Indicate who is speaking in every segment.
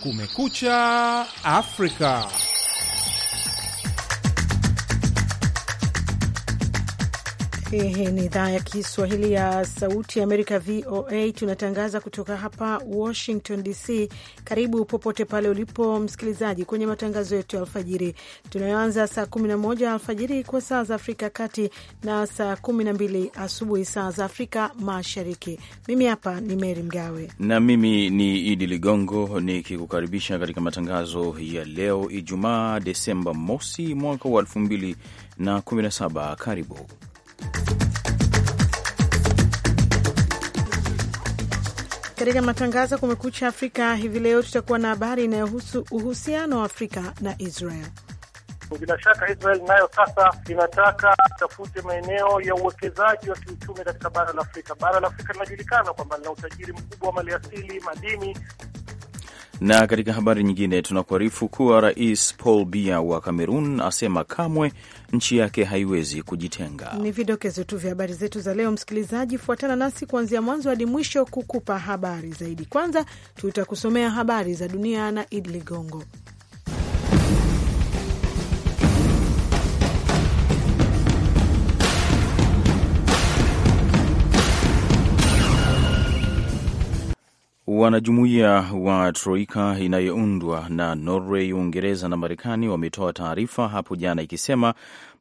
Speaker 1: Kumekucha Afrika.
Speaker 2: Hii ni idhaa ya Kiswahili ya Sauti ya Amerika, VOA. Tunatangaza kutoka hapa Washington DC. Karibu popote pale ulipo msikilizaji, kwenye matangazo yetu ya alfajiri tunayoanza saa 11 alfajiri kwa saa za Afrika ya Kati na saa 12 asubuhi saa za Afrika Mashariki. Mimi hapa ni Meri Mgawe
Speaker 3: na mimi ni Idi Ligongo nikikukaribisha katika matangazo ya leo Ijumaa, Desemba mosi mwaka wa 2017. Karibu
Speaker 2: katika matangazo ya Kumekucha Afrika hivi leo tutakuwa na habari inayohusu uhusiano wa Afrika na Israel.
Speaker 4: Bila shaka Israel nayo sasa inataka tafute maeneo ya uwekezaji wa kiuchumi katika bara la Afrika. Bara la Afrika linajulikana kwamba lina utajiri mkubwa wa maliasili, madini
Speaker 3: na katika habari nyingine tunakuarifu kuwa Rais Paul Biya wa Kamerun asema kamwe nchi yake haiwezi kujitenga.
Speaker 2: Ni vidokezo tu vya habari zetu za leo, msikilizaji, fuatana nasi kuanzia mwanzo hadi mwisho kukupa habari zaidi. Kwanza tutakusomea habari za dunia na Idi Ligongo.
Speaker 3: Wanajumuiya wa Troika inayoundwa na Norway, Uingereza na Marekani wametoa taarifa hapo jana ikisema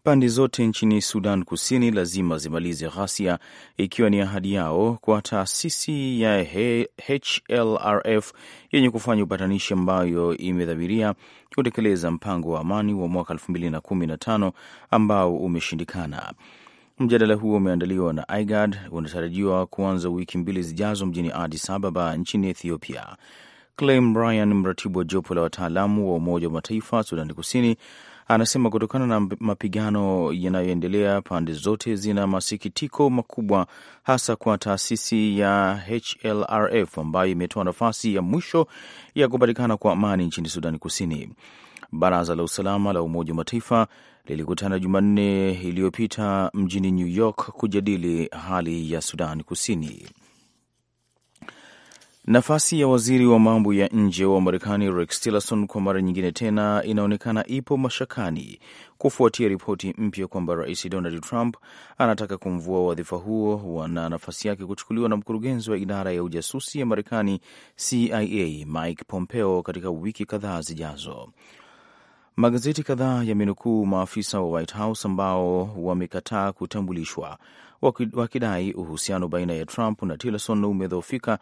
Speaker 3: pande zote nchini Sudan Kusini lazima zimalize ghasia, ikiwa ni ahadi yao kwa taasisi ya HLRF yenye kufanya upatanishi, ambayo imedhamiria kutekeleza mpango wa amani wa mwaka 2015 ambao umeshindikana. Mjadala huo umeandaliwa na IGAD, unatarajiwa kuanza wiki mbili zijazo mjini Addis Ababa nchini Ethiopia. Clem Bryan, mratibu wa jopo la wataalamu wa Umoja wa Mataifa Sudani Kusini, anasema kutokana na mapigano yanayoendelea, pande zote zina masikitiko makubwa, hasa kwa taasisi ya HLRF ambayo imetoa nafasi ya mwisho ya kupatikana kwa amani nchini Sudani Kusini. Baraza la Usalama la Umoja wa Mataifa lilikutana Jumanne iliyopita mjini New York kujadili hali ya Sudan Kusini. Nafasi ya waziri wa mambo ya nje wa Marekani Rex Tillerson kwa mara nyingine tena inaonekana ipo mashakani kufuatia ripoti mpya kwamba Rais Donald Trump anataka kumvua wadhifa huo na nafasi yake kuchukuliwa na mkurugenzi wa idara ya ujasusi ya Marekani CIA Mike Pompeo katika wiki kadhaa zijazo. Magazeti kadhaa yamenukuu maafisa wa White House ambao wamekataa kutambulishwa wakidai uhusiano baina ya Trump na Tillerson umedhoofika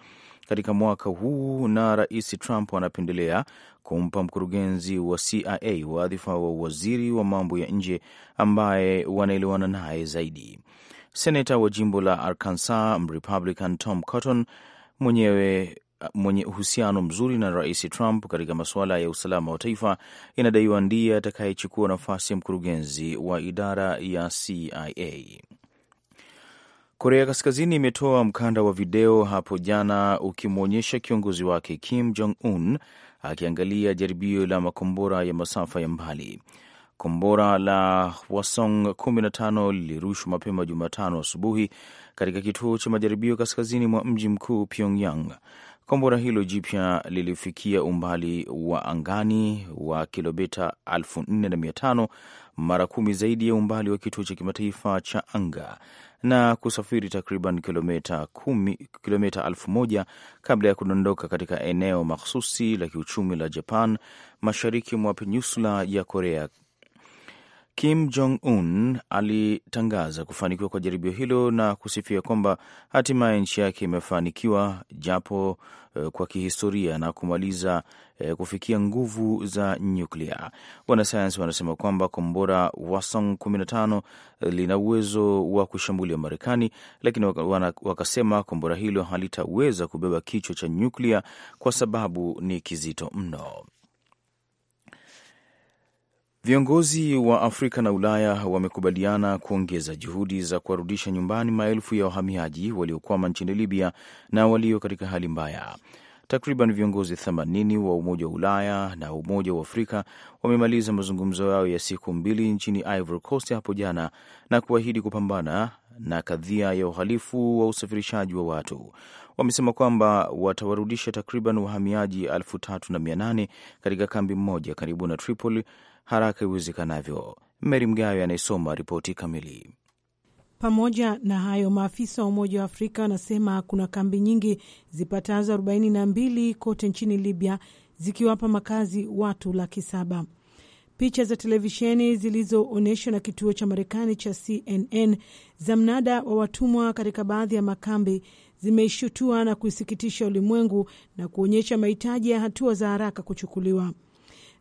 Speaker 3: katika mwaka huu na Rais Trump anapendelea kumpa mkurugenzi wa CIA wadhifa wa waziri wa mambo ya nje ambaye wanaelewana naye zaidi. senata wa jimbo la Arkansas Mrepublican Tom Cotton mwenyewe mwenye uhusiano mzuri na Rais Trump katika masuala ya usalama wa taifa inadaiwa ndiye atakayechukua nafasi ya mkurugenzi wa idara ya CIA. Korea Kaskazini imetoa mkanda wa video hapo jana ukimwonyesha kiongozi wake Kim Jong Un akiangalia jaribio la makombora ya masafa ya mbali. Kombora la Hwasong 15 lilirushwa mapema Jumatano asubuhi katika kituo cha majaribio kaskazini mwa mji mkuu Pyongyang. Kombora hilo jipya lilifikia umbali wa angani wa kilomita 4500 mara kumi zaidi ya umbali wa kituo cha kimataifa cha anga na kusafiri takriban kilomita 1000 kabla ya kudondoka katika eneo mahsusi la kiuchumi la Japan mashariki mwa peninsula ya Korea Kim Jong Un alitangaza kufanikiwa kwa jaribio hilo na kusifia kwamba hatimaye nchi yake imefanikiwa japo eh, kwa kihistoria na kumaliza eh, kufikia nguvu za nyuklia. Wanasayansi wanasema kwamba kombora Wasong 15 eh, lina uwezo wa kushambulia Marekani, lakini wakasema kombora hilo halitaweza kubeba kichwa cha nyuklia kwa sababu ni kizito mno. Viongozi wa Afrika na Ulaya wamekubaliana kuongeza juhudi za kuwarudisha nyumbani maelfu ya wahamiaji waliokwama nchini Libya na walio katika hali mbaya. Takriban viongozi 80 wa Umoja wa Ulaya na Umoja wa Afrika wamemaliza mazungumzo yao ya siku mbili nchini Ivory Coast hapo jana na kuahidi kupambana na kadhia ya uhalifu wa usafirishaji wa watu wamesema kwamba watawarudisha takriban wahamiaji elfu tatu na mia nane katika kambi mmoja karibu na Tripoli haraka iwezekanavyo. Meri Mgayo anayesoma ripoti kamili.
Speaker 2: Pamoja na hayo, maafisa wa Umoja wa Afrika wanasema kuna kambi nyingi zipatazo 42 kote nchini Libya zikiwapa makazi watu laki saba. Picha za televisheni zilizoonyeshwa na kituo cha Marekani cha CNN za mnada wa watumwa katika baadhi ya makambi zimeishutua na kuisikitisha ulimwengu na kuonyesha mahitaji ya hatua za haraka kuchukuliwa.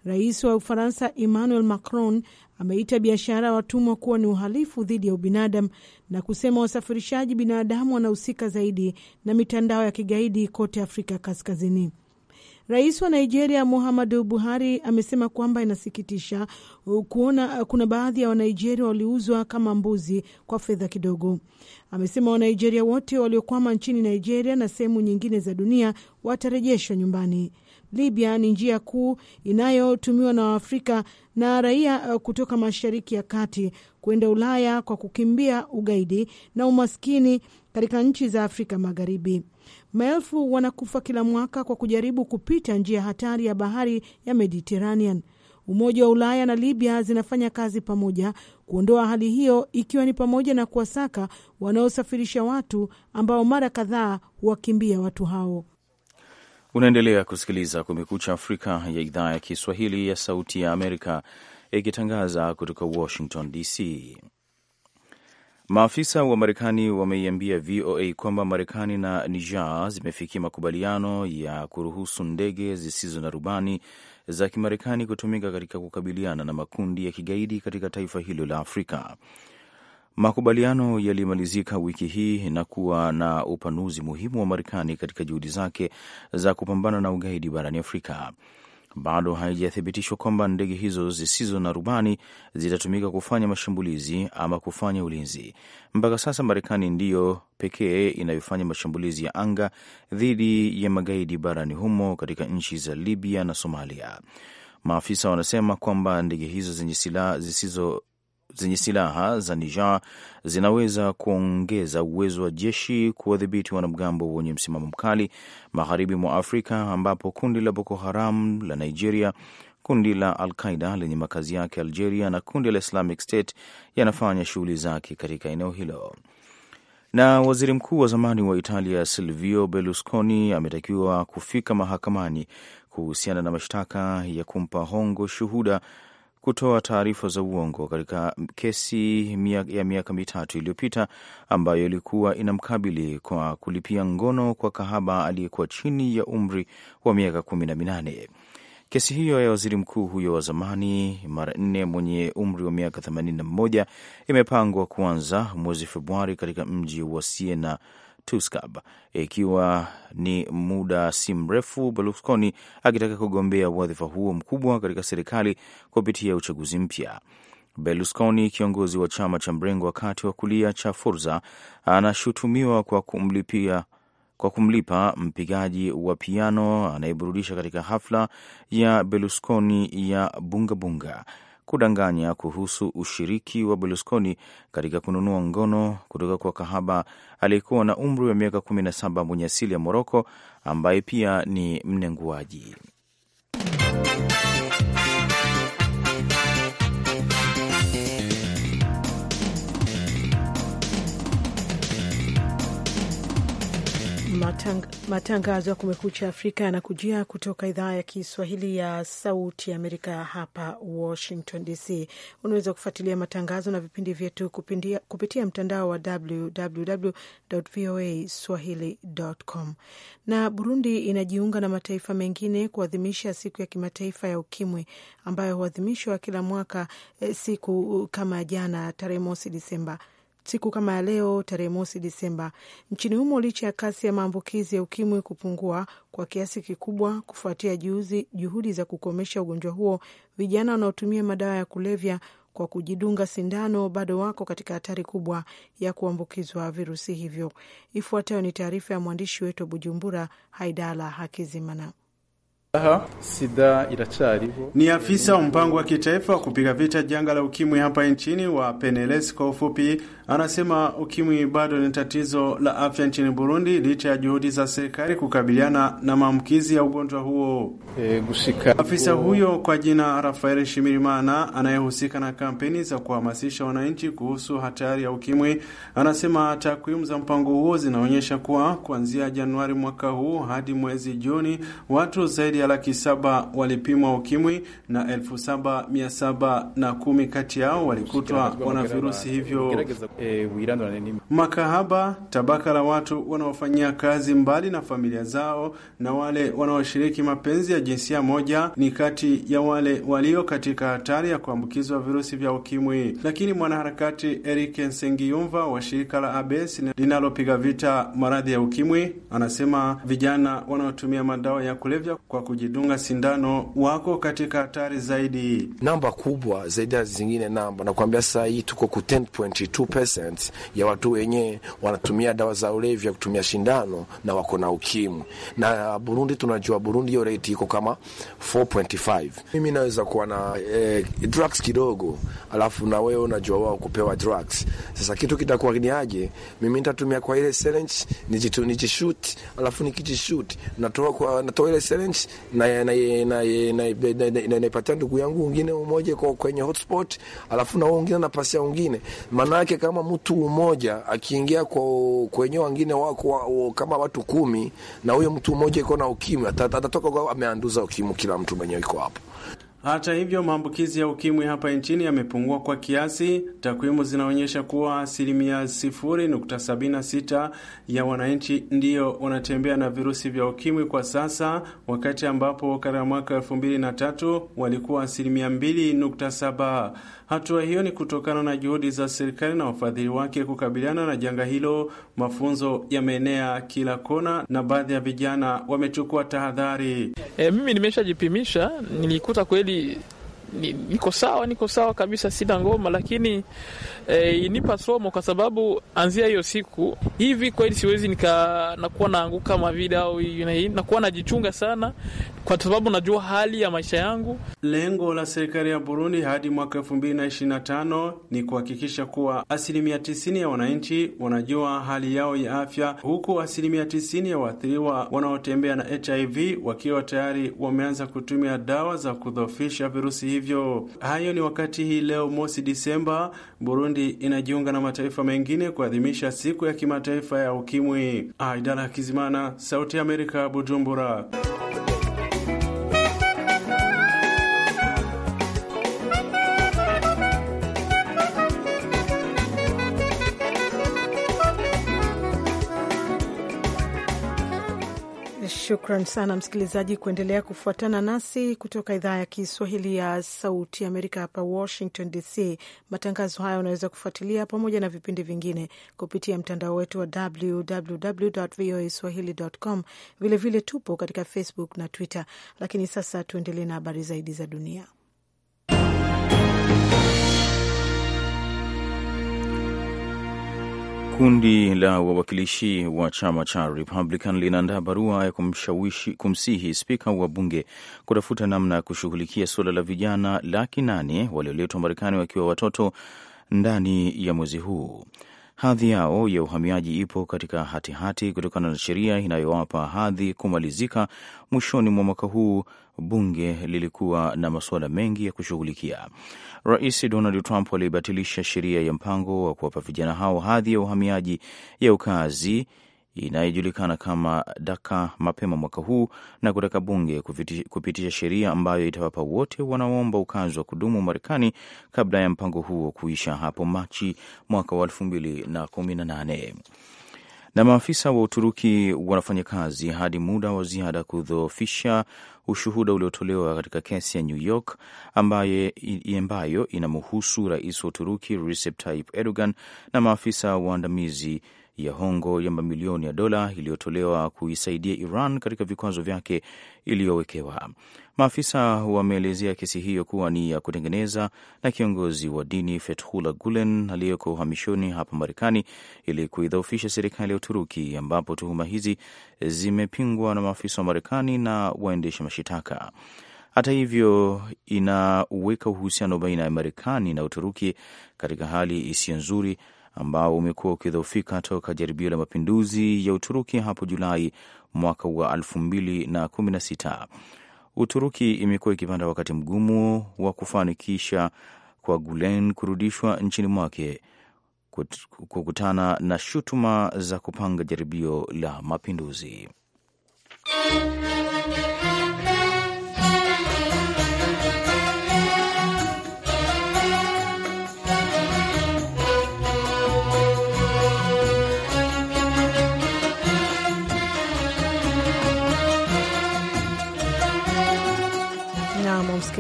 Speaker 2: Rais wa Ufaransa Emmanuel Macron ameita biashara ya watumwa kuwa ni uhalifu dhidi ya ubinadamu na kusema wasafirishaji binadamu wanahusika zaidi na mitandao ya kigaidi kote Afrika Kaskazini. Rais wa Nigeria Muhammadu Buhari amesema kwamba inasikitisha kuona kuna baadhi ya Wanigeria waliuzwa kama mbuzi kwa fedha kidogo. Amesema Wanigeria wote waliokwama nchini Nigeria na sehemu nyingine za dunia watarejeshwa nyumbani. Libya ni njia kuu inayotumiwa na Waafrika na raia uh, kutoka Mashariki ya Kati kwenda Ulaya kwa kukimbia ugaidi na umaskini katika nchi za Afrika Magharibi. Maelfu wanakufa kila mwaka kwa kujaribu kupita njia hatari ya bahari ya Mediterranean. Umoja wa Ulaya na Libya zinafanya kazi pamoja kuondoa hali hiyo, ikiwa ni pamoja na kuwasaka wanaosafirisha watu ambao mara kadhaa huwakimbia watu hao.
Speaker 3: Unaendelea kusikiliza Kumekucha Afrika ya idhaa ya Kiswahili ya Sauti ya Amerika, ikitangaza kutoka Washington DC. Maafisa wa Marekani wameiambia VOA kwamba Marekani na Niger zimefikia makubaliano ya kuruhusu ndege zisizo na rubani za Kimarekani kutumika katika kukabiliana na makundi ya kigaidi katika taifa hilo la Afrika. Makubaliano yalimalizika wiki hii na kuwa na upanuzi muhimu wa Marekani katika juhudi zake za kupambana na ugaidi barani Afrika bado haijathibitishwa kwamba ndege hizo zisizo na rubani zitatumika kufanya mashambulizi ama kufanya ulinzi. Mpaka sasa Marekani ndiyo pekee inayofanya mashambulizi ya anga dhidi ya magaidi barani humo katika nchi za Libya na Somalia. Maafisa wanasema kwamba ndege hizo zenye silaha zisizo zenye silaha za Niger zinaweza kuongeza uwezo wa jeshi kuwadhibiti wanamgambo wenye msimamo mkali magharibi mwa Afrika, ambapo kundi la Boko Haram la Nigeria, kundi la Al-Qaida lenye makazi yake Algeria na kundi la Islamic State yanafanya shughuli zake katika eneo hilo. Na waziri mkuu wa zamani wa Italia Silvio Berlusconi ametakiwa kufika mahakamani kuhusiana na mashtaka ya kumpa hongo shuhuda kutoa taarifa za uongo katika kesi ya miaka mitatu iliyopita ambayo ilikuwa inamkabili kwa kulipia ngono kwa kahaba aliyekuwa chini ya umri wa miaka kumi na minane. Kesi hiyo ya waziri mkuu huyo wa zamani mara nne mwenye umri wa miaka themanini na mmoja imepangwa kuanza mwezi Februari katika mji wa Siena Tuskab, ikiwa ni muda si mrefu Berlusconi akitaka kugombea wadhifa huo mkubwa katika serikali kupitia uchaguzi mpya. Berlusconi, kiongozi wa chama cha mrengo wa kati wa kulia cha Forza, anashutumiwa kwa kumlipia kwa kumlipa mpigaji wa piano anayeburudisha katika hafla ya Berlusconi ya Bungabunga kudanganya kuhusu ushiriki wa Berlusconi katika kununua ngono kutoka kwa kahaba aliyekuwa na umri wa miaka 17 mwenye asili ya Moroko ambaye pia ni mnenguaji.
Speaker 2: Matang, matangazo ya Kumekucha Afrika yanakujia kutoka idhaa ya Kiswahili ya Sauti Amerika hapa Washington DC. Unaweza kufuatilia matangazo na vipindi vyetu kupitia mtandao wa www voa swahili.com. Na Burundi inajiunga na mataifa mengine kuadhimisha siku ya kimataifa ya Ukimwi ambayo huadhimishwa kila mwaka eh, siku kama jana tarehe mosi Disemba siku kama ya leo tarehe mosi Disemba nchini humo, licha ya kasi ya maambukizi ya ukimwi kupungua kwa kiasi kikubwa kufuatia juhudi za kukomesha ugonjwa huo, vijana wanaotumia madawa ya kulevya kwa kujidunga sindano bado wako katika hatari kubwa ya kuambukizwa virusi hivyo. Ifuatayo ni taarifa ya mwandishi wetu wa Bujumbura, Haidala Hakizimana.
Speaker 5: Aha, sida irachariho. Ni afisa wa mpango wa kitaifa wa kupiga vita janga la ukimwi hapa nchini wa Penelesi kwa ufupi, anasema ukimwi bado ni tatizo la afya nchini Burundi licha ya juhudi za serikali kukabiliana na maambukizi ya ugonjwa huo. E, gushika. Afisa huyo kwa jina Rafael Shimirimana anayehusika na kampeni za kuhamasisha wananchi kuhusu hatari ya ukimwi anasema takwimu za mpango huo zinaonyesha kuwa kuanzia Januari mwaka huu hadi mwezi Juni watu zaidi ya laki saba walipimwa ukimwi na elfu saba mia saba na kumi kati yao walikutwa wana virusi hivyo. Eh, Makahaba, tabaka la watu wanaofanyia kazi mbali na familia zao na wale wanaoshiriki mapenzi ya jinsia moja ni kati ya wale walio katika hatari ya kuambukizwa virusi vya ukimwi. Lakini mwanaharakati Eric Nsengiyumva wa shirika la ABS linalopiga vita maradhi ya ukimwi anasema vijana wanaotumia madawa ya kulevya kwa kujidunga sindano wako katika hatari zaidi. Namba kubwa zaidi ya zingine namba, nakuambia saa hii tuko ku 10.2%
Speaker 6: ya watu wenyewe wanatumia dawa za ulevi ya kutumia sindano na wako na ukimwi, na Burundi tunajua Burundi hiyo rate iko kama 4.5. Mimi naweza kuwa na eh, drugs kidogo, alafu na wewe unajua wao kupewa drugs. Sasa kitu kitakuwa ni aje? Mimi nitatumia kwa ile syringe nijishoot, alafu nikijishoot natoa kwa natoa ile syringe naipatia ndugu yangu ungine umoja kwa kwenye hotspot, alafu na wengine napasia wengine. Maana yake kama mtu mmoja akiingia kwa kwenye wangine wako wa, kama watu kumi, na huyo mtu mmoja iko na ukimwi atatoka ameanduza ukimwi kila mtu mwenyewe iko hapo.
Speaker 5: Hata hivyo, maambukizi ya ukimwi hapa nchini yamepungua kwa kiasi. Takwimu zinaonyesha kuwa asilimia 0.76 ya wananchi ndiyo wanatembea na virusi vya ukimwi kwa sasa, wakati ambapo katika mwaka 2003 walikuwa asilimia 2.7. Hatua hiyo ni kutokana na juhudi za serikali na wafadhili wake kukabiliana na janga hilo. Mafunzo yameenea kila kona na baadhi ya vijana wamechukua tahadhari. E, mimi nimeshajipimisha, nilikuta kweli niko sawa, niko sawa kabisa, sina ngoma, lakini e, inipa somo kwa sababu anzia hiyo siku hivi kweli siwezi nika nakuwa naanguka kama au nakuwa najichunga sana, kwa sababu najua hali ya maisha yangu. Lengo la serikali ya Burundi hadi mwaka tano ni kuhakikisha kuwa asilimia tisini ya wananchi wanajua hali yao ya afya, huku asilimia tisini ya waathiriwa wanaotembea na HIV wakiwa tayari wameanza kutumia dawa za kudhoofisha virusi hivyo. Hayo ni wakati hii leo mosi Disemba Burundi inajiunga na mataifa mengine kuadhimisha siku ya kimataifa ya ukimwi. Aidara Kizimana, Sauti ya Amerika, Bujumbura.
Speaker 2: Shukran sana msikilizaji kuendelea kufuatana nasi kutoka idhaa ya Kiswahili ya Sauti Amerika hapa Washington DC. Matangazo haya unaweza kufuatilia pamoja na vipindi vingine kupitia mtandao wetu wa www voa swahili.com. Vilevile tupo katika Facebook na Twitter, lakini sasa tuendelee na habari zaidi za dunia.
Speaker 3: Kundi la wawakilishi wa chama cha Republican linaandaa barua ya kumshawishi, kumsihi spika wa bunge kutafuta namna ya kushughulikia suala la vijana laki nane walioletwa Marekani wakiwa watoto ndani ya mwezi huu. Hadhi yao ya uhamiaji ipo katika hatihati kutokana na sheria inayowapa hadhi kumalizika mwishoni mwa mwaka huu. Bunge lilikuwa na masuala mengi ya kushughulikia. Rais Donald Trump alibatilisha sheria ya mpango wa kuwapa vijana hao hadhi ya uhamiaji ya ukaazi inayojulikana kama Daka mapema mwaka huu na kutaka bunge kupitisha sheria ambayo itawapa wote wanaoomba ukazi wa kudumu Marekani kabla ya mpango huo kuisha hapo Machi mwaka wa elfu mbili na kumi na nane na maafisa wa Uturuki wanafanya kazi hadi muda wa ziada kudhoofisha ushuhuda uliotolewa katika kesi ya New York ambayo inamhusu rais wa Uturuki Recep Tayyip Erdogan na maafisa waandamizi ya hongo ya mamilioni ya dola iliyotolewa kuisaidia Iran katika vikwazo vyake iliyowekewa. Maafisa wameelezea kesi hiyo kuwa ni ya kutengeneza na kiongozi wa dini Fethullah Gulen aliyeko uhamishoni hapa Marekani ili kuidhoofisha serikali ya Uturuki, ambapo tuhuma hizi zimepingwa na maafisa wa Marekani na waendesha mashitaka. Hata hivyo inaweka uhusiano baina ya Marekani na Uturuki katika hali isiyo nzuri ambao umekuwa ukidhoofika toka jaribio la mapinduzi ya Uturuki hapo Julai mwaka wa 2016. Uturuki imekuwa ikipanda wakati mgumu wa kufanikisha kwa Gulen kurudishwa nchini mwake kukutana na shutuma za kupanga jaribio la mapinduzi.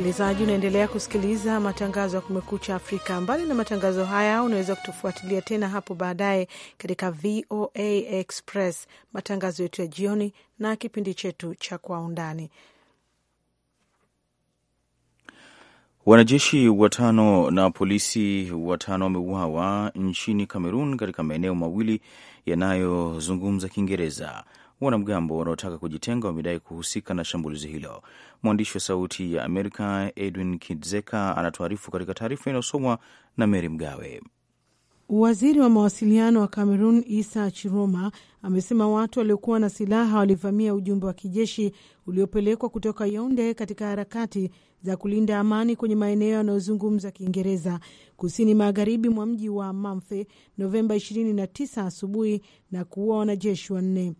Speaker 2: msikilizaji, unaendelea kusikiliza matangazo ya Kumekucha Afrika. Mbali na matangazo haya, unaweza kutufuatilia tena hapo baadaye katika VOA Express, matangazo yetu ya jioni na kipindi chetu cha Kwa Undani.
Speaker 3: Wanajeshi watano na polisi watano wameuawa nchini Kamerun katika maeneo mawili yanayozungumza Kiingereza Wanamgambo wanaotaka kujitenga wamedai kuhusika na shambulizi hilo. Mwandishi wa Sauti ya Amerika Edwin Kidzeka anatuarifu katika taarifa inayosomwa na Meri Mgawe.
Speaker 2: Waziri wa mawasiliano wa Kamerun Isa Chiroma amesema watu waliokuwa na silaha walivamia ujumbe wa kijeshi uliopelekwa kutoka Yaunde katika harakati za kulinda amani kwenye maeneo yanayozungumza Kiingereza kusini magharibi mwa mji wa Mamfe Novemba 29 asubuhi na kuua wanajeshi wanne.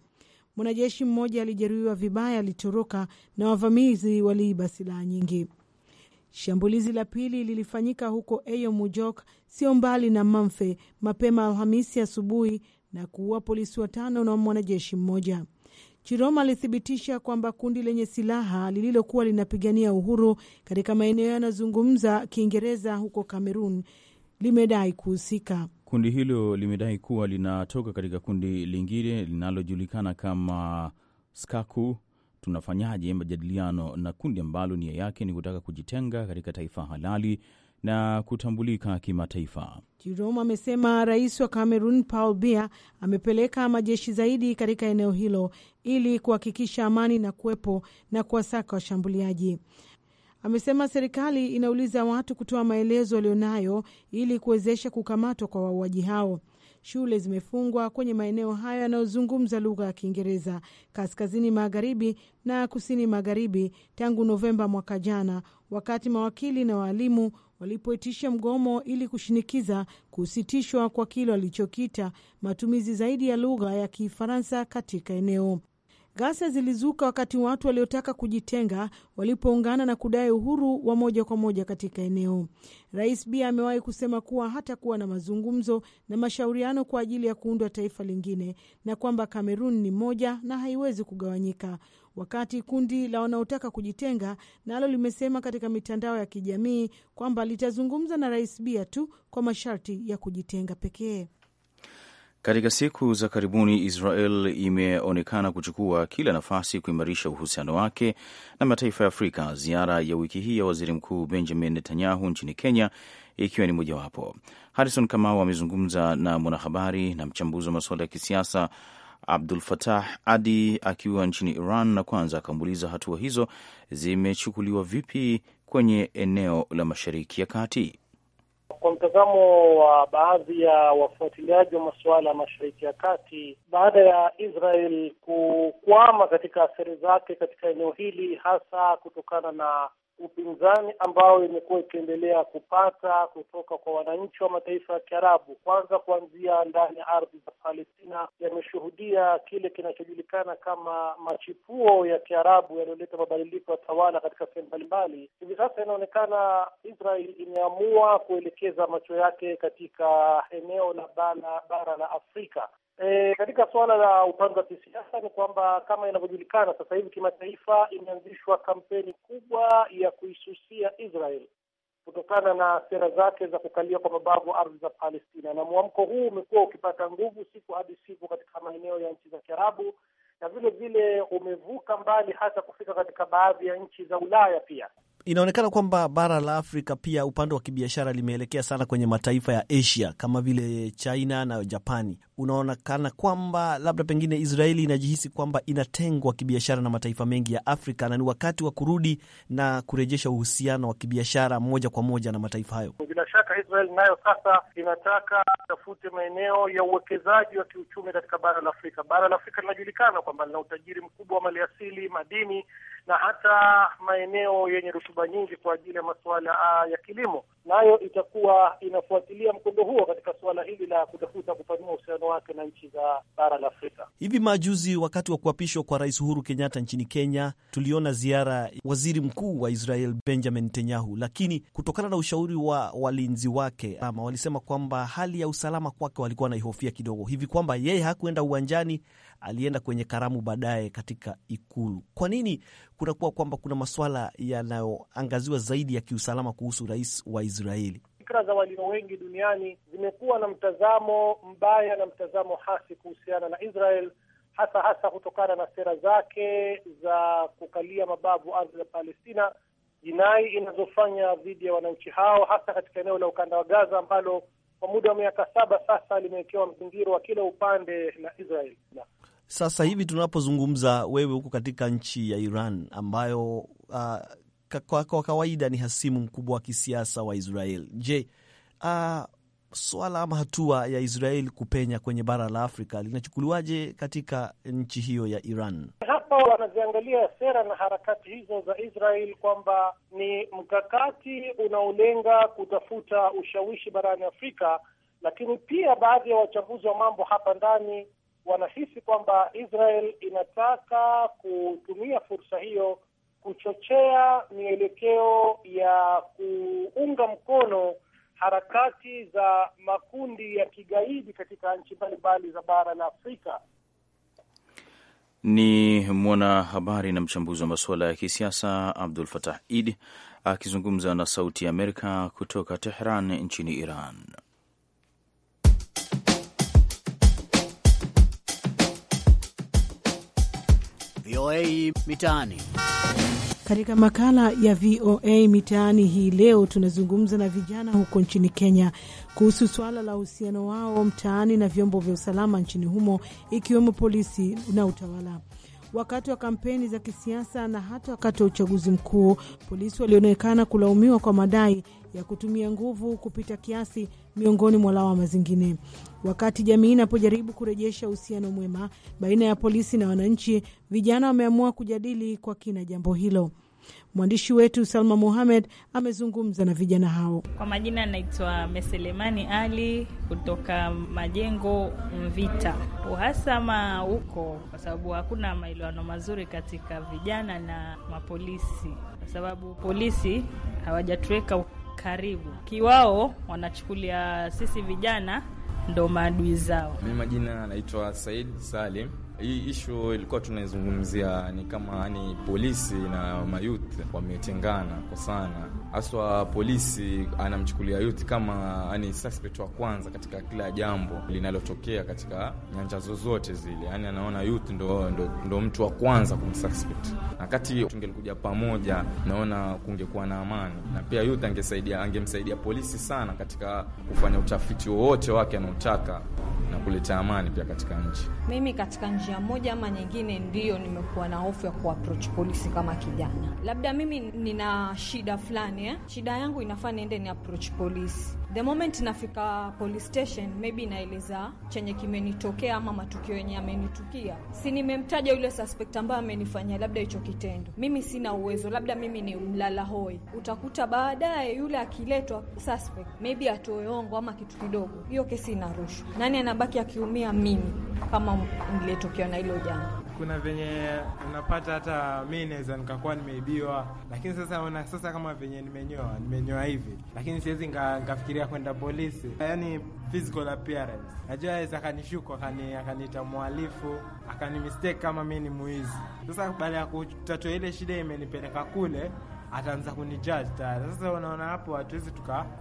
Speaker 2: Mwanajeshi mmoja alijeruhiwa vibaya, alitoroka na wavamizi waliiba silaha nyingi. Shambulizi la pili lilifanyika huko Eyo Mujok, sio mbali na Mamfe, mapema Alhamisi asubuhi na kuua polisi watano na mwanajeshi mmoja. Chiroma alithibitisha kwamba kundi lenye silaha lililokuwa linapigania uhuru katika maeneo yanayozungumza Kiingereza huko Kamerun limedai kuhusika.
Speaker 3: Kundi hilo limedai kuwa linatoka katika kundi lingine linalojulikana kama Skaku tunafanyaje majadiliano na kundi ambalo nia yake ni kutaka kujitenga katika taifa halali na kutambulika kimataifa.
Speaker 2: Jerome amesema rais wa cameron Paul bia amepeleka majeshi zaidi katika eneo hilo ili kuhakikisha amani na kuwepo na kuwasaka washambuliaji. Amesema serikali inauliza watu kutoa maelezo walionayo ili kuwezesha kukamatwa kwa wauaji hao. Shule zimefungwa kwenye maeneo hayo yanayozungumza lugha ya Kiingereza kaskazini magharibi na kusini magharibi tangu Novemba mwaka jana, wakati mawakili na waalimu walipoitisha mgomo ili kushinikiza kusitishwa kwa kile walichokita matumizi zaidi ya lugha ya Kifaransa katika eneo. Ghasia zilizuka wakati watu waliotaka kujitenga walipoungana na kudai uhuru wa moja kwa moja katika eneo. Rais Bia amewahi kusema kuwa hatakuwa na mazungumzo na mashauriano kwa ajili ya kuundwa taifa lingine na kwamba Kamerun ni moja na haiwezi kugawanyika, wakati kundi la wanaotaka kujitenga nalo na limesema katika mitandao ya kijamii kwamba litazungumza na Rais Bia tu kwa masharti ya kujitenga pekee.
Speaker 3: Katika siku za karibuni Israel imeonekana kuchukua kila nafasi kuimarisha uhusiano wake na mataifa ya Afrika. Ziara ya wiki hii ya waziri mkuu Benjamin Netanyahu nchini Kenya ikiwa ni mojawapo. Harrison Kamau amezungumza na mwanahabari na mchambuzi wa masuala ya kisiasa Abdul Fatah Adi akiwa nchini Iran, na kwanza akamuuliza hatua hizo zimechukuliwa vipi kwenye eneo la Mashariki ya Kati.
Speaker 4: Kwa mtazamo wa baadhi ya wafuatiliaji wa masuala ya Mashariki ya Kati, baada ya Israel kukwama katika sera zake katika eneo hili, hasa kutokana na upinzani ambao imekuwa ikiendelea kupata kutoka kwa wananchi wa mataifa ya Kiarabu, kwanza kuanzia ndani ya ardhi za Palestina, yameshuhudia kile kinachojulikana kama machipuo ya Kiarabu yaliyoleta mabadiliko ya tawala katika sehemu mbalimbali. Hivi sasa inaonekana Israel imeamua kuelekeza macho yake katika eneo la bara la Afrika, E, katika suala la upande wa kisiasa ni kwamba kama inavyojulikana sasa hivi kimataifa, imeanzishwa kampeni kubwa ya kuisusia Israel kutokana na sera zake za kukalia kwa mabavu ardhi za Palestina, na mwamko huu umekuwa ukipata nguvu siku hadi siku katika maeneo ya nchi za Kiarabu na vile vile umevuka mbali hata kufika katika baadhi ya nchi za Ulaya pia
Speaker 1: inaonekana kwamba bara la Afrika pia upande wa kibiashara limeelekea sana kwenye mataifa ya Asia kama vile China na Japani. Unaonekana kwamba labda pengine Israeli inajihisi kwamba inatengwa kibiashara na mataifa mengi ya Afrika na ni wakati wa kurudi na kurejesha uhusiano wa kibiashara moja kwa moja na mataifa hayo.
Speaker 4: Bila shaka Israeli nayo sasa inataka tafute maeneo ya uwekezaji wa kiuchumi katika bara la Afrika. Bara la Afrika linajulikana kwamba lina utajiri mkubwa wa maliasili, madini na hata maeneo yenye rutuba nyingi kwa ajili ya masuala ah, ya kilimo nayo itakuwa inafuatilia mkondo huo katika suala hili la kutafuta kupanua uhusiano wake na nchi za bara la Afrika.
Speaker 1: Hivi majuzi, wakati wa kuapishwa kwa Rais Uhuru Kenyatta nchini Kenya, tuliona ziara waziri mkuu wa Israel Benjamin Netanyahu, lakini kutokana na ushauri wa walinzi wake ama walisema kwamba hali ya usalama kwake walikuwa wanaihofia kidogo, hivi kwamba yeye hakuenda uwanjani, alienda kwenye karamu baadaye katika Ikulu. Kwa nini kunakuwa kwamba kuna maswala yanayoangaziwa zaidi ya kiusalama kuhusu rais wa Israel Israeli.
Speaker 4: Fikra za walio wengi duniani zimekuwa na mtazamo mbaya na mtazamo hasi kuhusiana na Israel, hasa hasa kutokana na sera zake za kukalia mabavu ardhi za Palestina, jinai inazofanya dhidi ya wananchi hao, hasa katika eneo la ukanda wa Gaza ambalo kwa muda wa miaka saba sasa limewekewa mzingiro wa kila upande na Israel.
Speaker 1: Sasa hivi tunapozungumza, wewe huko katika nchi ya Iran ambayo uh, kwa, kwa kawaida ni hasimu mkubwa wa kisiasa wa Israel. Je, uh, swala ama hatua ya Israel kupenya kwenye bara la Afrika linachukuliwaje katika nchi hiyo ya Iran?
Speaker 4: Hapa wanaziangalia sera na harakati hizo za Israel kwamba ni mkakati unaolenga kutafuta ushawishi barani Afrika, lakini pia baadhi ya wachambuzi wa mambo hapa ndani wanahisi kwamba Israel inataka kutumia fursa hiyo kuchochea mielekeo ya kuunga mkono harakati za makundi ya kigaidi katika nchi mbalimbali za bara la Afrika.
Speaker 3: Ni mwanahabari na mchambuzi wa masuala ya kisiasa Abdul Fatah id akizungumza na Sauti ya Amerika kutoka Tehran nchini Iran.
Speaker 4: VOA
Speaker 2: Mitaani. Katika makala ya VOA Mitaani hii leo tunazungumza na vijana huko nchini Kenya kuhusu suala la uhusiano wao mtaani na vyombo vya usalama nchini humo ikiwemo polisi na utawala. Wakati wa kampeni za kisiasa na hata wakati wa uchaguzi mkuu, polisi walionekana kulaumiwa kwa madai ya kutumia nguvu kupita kiasi miongoni mwa lawama zingine. Wakati jamii inapojaribu kurejesha uhusiano mwema baina ya polisi na wananchi, vijana wameamua kujadili kwa kina jambo hilo. Mwandishi wetu Salma muhamed amezungumza na vijana hao. Kwa majina anaitwa Meselemani Ali kutoka Majengo Mvita. Uhasama huko kwa sababu hakuna maelewano mazuri katika vijana na mapolisi, kwa sababu polisi hawajatuweka karibu kiwao, wanachukulia sisi vijana ndo maadui zao.
Speaker 6: mi majina anaitwa Said Salim hii ishu ilikuwa tunaizungumzia ni kama ni polisi na mayuth wametengana kwa sana, haswa polisi anamchukulia youth kama ani suspect wa kwanza katika kila jambo linalotokea katika nyanja zozote zile, yani anaona youth ndo, ndo, ndo mtu wa kwanza kumsuspect. kati tungelikuja pamoja, naona kungekuwa na amani, na pia youth angesaidia, angemsaidia polisi sana katika kufanya utafiti wowote wake anaotaka na kuleta amani pia katika nchi.
Speaker 7: Mimi katika nchi njia moja ama nyingine, ndiyo nimekuwa na hofu ya kuapproach polisi kama kijana. Labda mimi nina shida fulani eh? shida yangu inafaa niende ni approach polisi The moment nafika police station, maybe naeleza chenye kimenitokea ama matukio yenye amenitukia. Si nimemtaja yule suspect ambaye amenifanyia labda hicho kitendo. Mimi sina uwezo, labda mimi ni mlala hoi. Utakuta baadaye yule akiletwa suspect, maybe atoe ongo ama kitu kidogo, hiyo kesi inarushwa. Nani anabaki akiumia? Mimi kama nilitokewa na hilo jambo.
Speaker 5: Kuna venye unapata
Speaker 6: hata mi naweza nikakuwa nimeibiwa, lakini sasa ona, sasa kama venye nimenyoa, nimenyoa hivi, lakini siwezi nikafikiria kwenda polisi, yani physical appearance. Najua aweza akanishuka akaniita mhalifu mistake kama mi ni mwizi. Sasa baada ya kutatua ile shida imenipeleka kule ataanza kunijudge tayari. Sasa unaona hapo, hatuwezi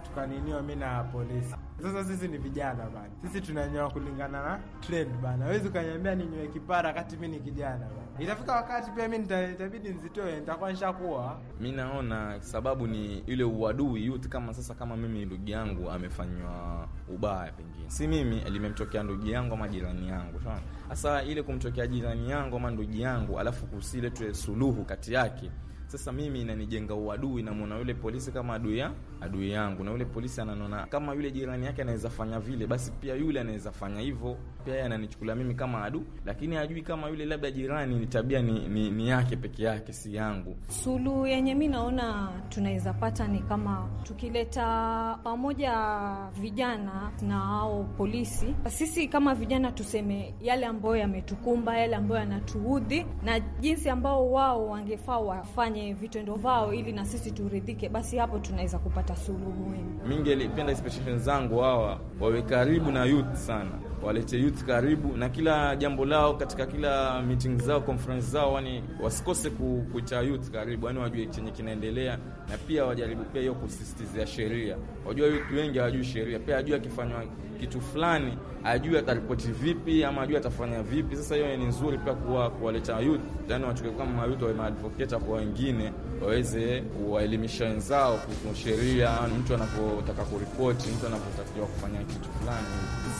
Speaker 6: tukaniniwa tuka mi na polisi. Sasa sisi ni vijana bana, sisi tunanyoa kulingana na trend bana. Hawezi ukaniambia ninywe kipara kati mi ni kijana bana. Itafika wakati pia mi itabidi nzitoe, nitakuwa nishakuwa. Mi naona sababu ni ile uadui youth. Kama sasa kama mimi ndugu yangu amefanywa ubaya, pengine si mimi, limemtokea ndugu yangu ama jirani yangu. Sasa ile kumtokea jirani yangu ama ndugu yangu, alafu kusile tuwe suluhu kati yake sasa mimi inanijenga uadui, namwona yule polisi kama adui ya adui yangu, na yule polisi ananona kama yule jirani yake anaweza fanya vile, basi pia yule anaweza fanya hivyo pia yeye ananichukulia mimi kama adu, lakini hajui kama yule labda jirani ni tabia ni, ni, ni yake peke yake, si yangu.
Speaker 7: Suluhu yenye mi naona tunaweza pata ni kama tukileta pamoja vijana na hao polisi, sisi kama vijana tuseme yale ambayo yametukumba, yale ambayo yanatuudhi na jinsi ambao wao wangefaa wafanye vitendo vao ili na sisi turidhike, basi hapo tunaweza kupata suluhu.
Speaker 6: Mingi ningependa specializations zangu hawa wawe karibu na youth sana, walete youth karibu na kila jambo lao, katika kila meeting zao, conference zao, yani wasikose kuita youth karibu, yani wajue chenye kinaendelea, na pia wajaribu pia hiyo kusisitizia sheria. Wajua youth wengi hawajui sheria, pia hajui akifanywa kitu fulani, ajue ataripoti vipi ama ajue atafanya vipi. Sasa hiyo ni nzuri pia kuwa kuwaleta youth, yani wachukue kama mayouth wawe maadvocate kwa wengine, waweze kuwaelimisha wenzao kuhusu sheria, mtu anapotaka kuripoti, mtu anapotakiwa kufanya kitu fulani.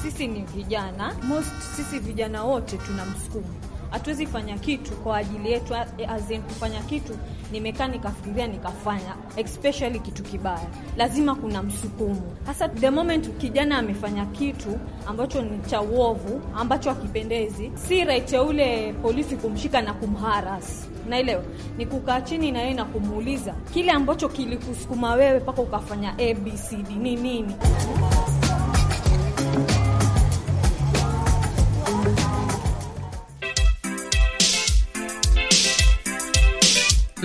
Speaker 7: Sisi ni vijana most, sisi vijana wote tuna msukumo hatuwezi fanya kitu kwa ajili yetu, eh, azin kufanya kitu nimekaa nikafikiria nikafanya, especially kitu kibaya, lazima kuna msukumo. Hasa the moment kijana amefanya kitu ambacho ni cha uovu, ambacho akipendezi, si right ya ule polisi kumshika na kumharas. Naelewa ni kukaa chini na yeye na kumuuliza kile ambacho kilikusukuma wewe mpaka ukafanya abcd ni nini?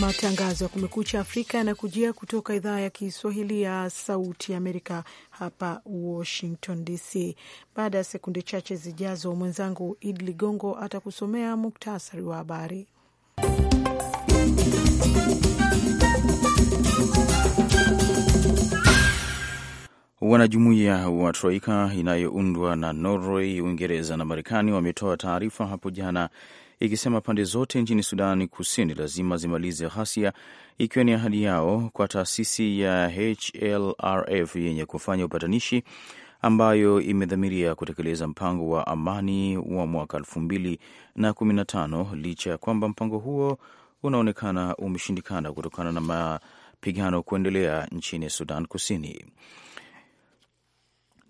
Speaker 2: Matangazo ya Kumekucha Afrika yanakujia kutoka idhaa ya Kiswahili ya Sauti Amerika hapa Washington DC. Baada ya sekunde chache zijazo, mwenzangu Idi Ligongo atakusomea muktasari wa habari.
Speaker 3: Wanajumuiya wa Troika inayoundwa na Norway, Uingereza na Marekani wametoa taarifa hapo jana ikisema pande zote nchini Sudani Kusini lazima zimalize ghasia, ikiwa ni ahadi yao kwa taasisi ya HLRF yenye kufanya upatanishi ambayo imedhamiria kutekeleza mpango wa amani wa mwaka elfu mbili na kumi na tano licha ya kwamba mpango huo unaonekana umeshindikana kutokana na mapigano kuendelea nchini Sudan Kusini.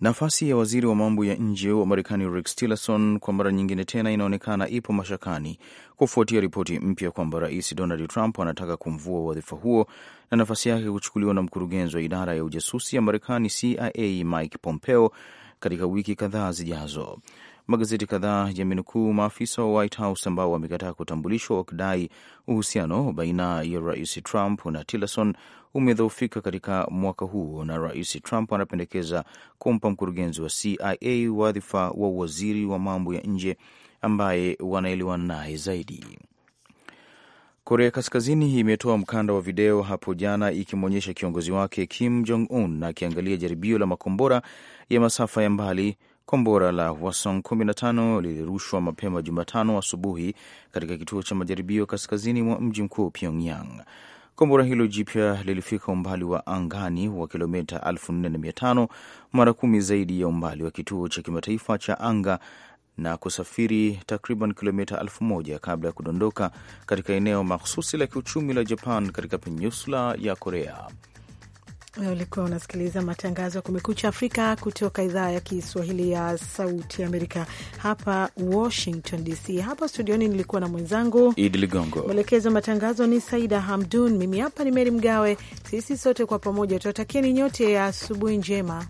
Speaker 3: Nafasi ya waziri wa mambo ya nje wa Marekani Rex Tillerson kwa mara nyingine tena inaonekana ipo mashakani kufuatia ripoti mpya kwamba Rais Donald Trump anataka kumvua wadhifa huo na nafasi yake kuchukuliwa na mkurugenzi wa idara ya ujasusi ya Marekani CIA Mike Pompeo katika wiki kadhaa zijazo magazeti kadhaa yamenukuu maafisa wa White House ambao wamekataa kutambulishwa wakidai uhusiano baina ya Rais Trump na Tillerson umedhoofika katika mwaka huo, na Rais Trump anapendekeza kumpa mkurugenzi wa CIA wadhifa wa waziri wa mambo ya nje ambaye wanaelewana naye zaidi. Korea Kaskazini imetoa mkanda wa video hapo jana ikimwonyesha kiongozi wake Kim Jong Un akiangalia jaribio la makombora ya masafa ya mbali Kombora la Hwasong 15 lilirushwa mapema Jumatano asubuhi katika kituo cha majaribio kaskazini mwa mji mkuu Pyongyang. Kombora hilo jipya lilifika umbali wa angani wa kilomita 4500 mara kumi zaidi ya umbali wa kituo cha kimataifa cha anga na kusafiri takriban kilomita 1 kabla ya kudondoka katika eneo makhususi la kiuchumi la Japan katika peninsula ya Korea.
Speaker 2: Ulikuwa unasikiliza matangazo ya Kumekucha Afrika kutoka idhaa ya Kiswahili ya Sauti Amerika hapa Washington DC. Hapa studioni nilikuwa na mwenzangu
Speaker 3: Idi Ligongo,
Speaker 2: mwelekezi wa matangazo ni Saida Hamdun, mimi hapa ni Meri Mgawe. Sisi sote kwa pamoja tunawatakieni nyote ya asubuhi njema.